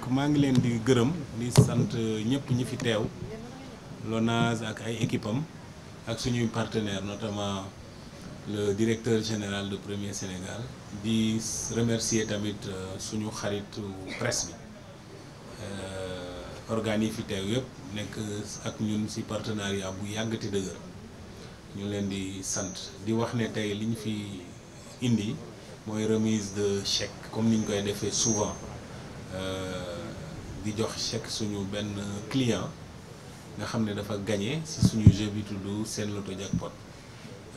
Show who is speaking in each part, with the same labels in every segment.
Speaker 1: donc maa ngi leen di gërëm di sant ñëpp ñi fi teew LONASE ak ay équipe ak suñuy partenaire notamment le directeur général de Premier Sénégal di remercier tamit euh, suñu xaritu presse bi euh, organes yi fi teew yëpp nekk ak ñun ci partenariat bu yàggati dëgër ñu leen di sant di wax ne tey li ñu fi indi mooy remise de chèque comme ni ñu koy defee souvent Euh, di jox chèque suñu benn client nga xam ne dafa gañe si suñu jeu bi tudd seen loto jackpot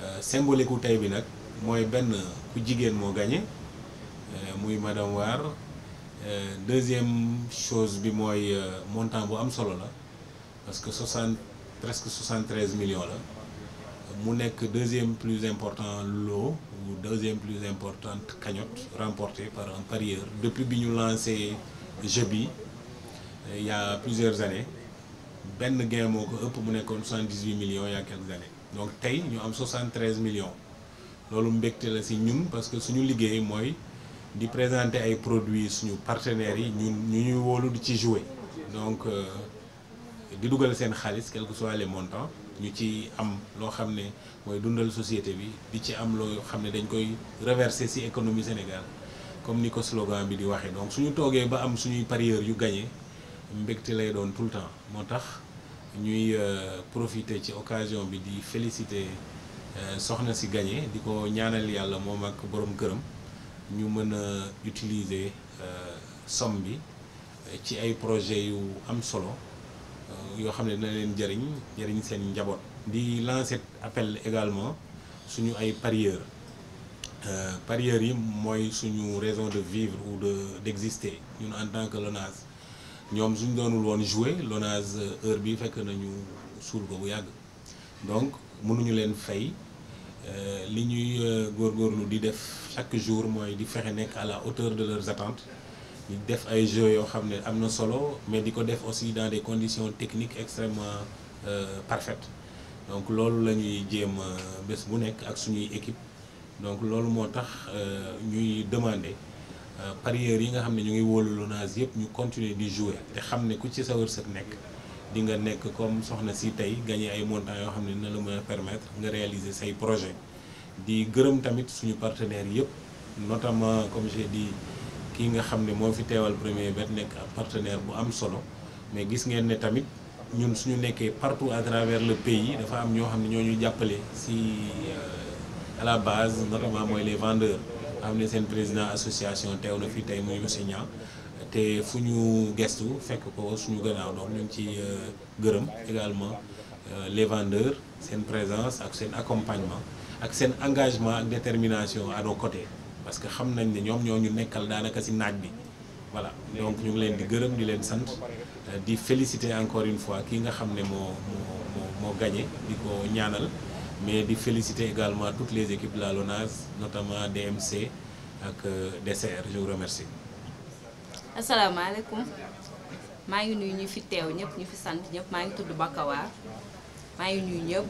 Speaker 1: euh, symbolique wu tey bi nag mooy benn ku jigéen moo gagné euh, muy madame War deuxième chose bi mooy montant bu am solo la parce que soixante presque soixante-treize millions la. mu nekk deuxième plus important lot ou deuxième plus importante cagnotte remportée par un parieur depuis bi ñu lancé jeu bi euh, il y a plusieurs années benn gain moo ko ëpp mu nekkoon 78 millions il y a quelques années donc tey ñu am 73 millions loolu mbégte la ci ñun parce que suñu liggéey mooy di présenter ay produits suñu partenaire yi ñu ñu ñuy woolu di ci jouer donc euh, di dugal seen xaalis quel que soit les montants ñu ci am loo xam ne mooy dundal société bi di ci am loo xam ne dañ koy reverser ci économie Sénégal comme ni ko slogan bi di waxee donc suñu toogee ba am suñuy parieurs yu gagné mbégte lay doon tout le temps moo tax ñuy euh, profité ci occasion bi di féliciter euh, soxna si gagné di ko ñaanal yàlla moom ak borom këram ñu mën a utiliser euh, somme bi ci ay projet yu am solo yoo xam ne dina leen jëriñ jëriñ seen njaboot. di lancer appel également suñu ay parieurs euh, parieurs yi mooy suñu raison de vivre ou de d'exister ñun en tant que LONASE ñoom suñ doonul woon jouer LONASE euh, heure bi fekk nañu suul ko bu yàgg donc mënuñu leen fay euh, li ñuy góor góorgóorlu di def chaque jour mooy di fexe nekk à la hauteur de leurs attentes di def ay jeux yoo xam ne am na solo mais di ko def aussi dans des conditions techniques extrêmement euh, parfaites donc loolu la ñuy jéem euh, bés bu nekk ak suñuy équipe donc loolu moo tax euh, ñuy demander parieurs yi nga xam ne ñu ngi wóolu Lonase yëpp ñu continuer di jouer te xam ne ku ci sa wërsëg nekk di nga nekk comme soxna si tey gagner ay montants yoo xam ne na la mën a permettre nga réaliser say projet di gërëm tamit suñu partenaires yëpp notament comme j'ai kii nga xam ne moo fi teewal premier bet nekk ak partenaire bu am solo mais gis ngeen ne tamit ñun suñu nekkee partout à travers le pays dafa am ñoo xam ne ñoo ñu jàppale si euh, à la base notamment mooy les vendeurs xam ne seen président association teew na fii tey muy monsieur Niang te fu ñu gestu fekk ko suñu gannaaw donc ñu ngi ci euh, gërëm également euh, les vendeurs seen présence ak seen accompagnement ak seen engagement ak détermination à côté parce que xam nañ ne ñoom ñoo ñu nekkal daanaka si naaj bi voilà donc ñu ngi leen di gërëm di leen sant euh, di féliciter encore une fois kii nga xam ne moo moo moo gagné di ko ñaanal mais di féliciter également toutes les équipes de la LONASE notamment DMC ak euh, DCR je vous remercie.
Speaker 2: asalaamaaleykum maa ngi nuyu ñu fi teew ñëpp ñu fi sant ñëpp maa ngi tudd Bakawar maa ngi nuyu ñëpp.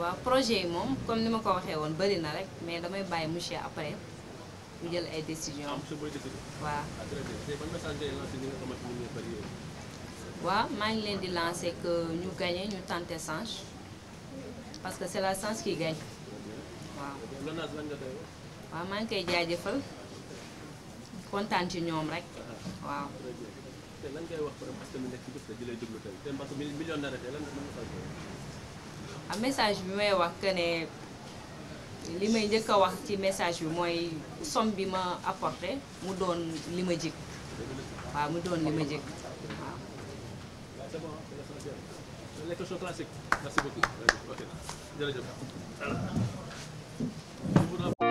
Speaker 2: waaw projet yi moom comme ni ma ko waxee woon bëri na rek mais damay bàyyi monsieur après mu jël ay décision ah, waaw ah, waaw maa ngi leen di lancé que ñu gagné ñu tenté change parce que c'est la chance qui gagne waaw waaw maa ngi koy jaajëfal kontaan ci ñoom rek ah,
Speaker 3: waaw te lan ngay wax borom askan
Speaker 2: am message bi may wax que li may njëkk a wax ci message bi mooy some bi ma apporté mu doon li ma jik waaw mu doon li ma
Speaker 3: jik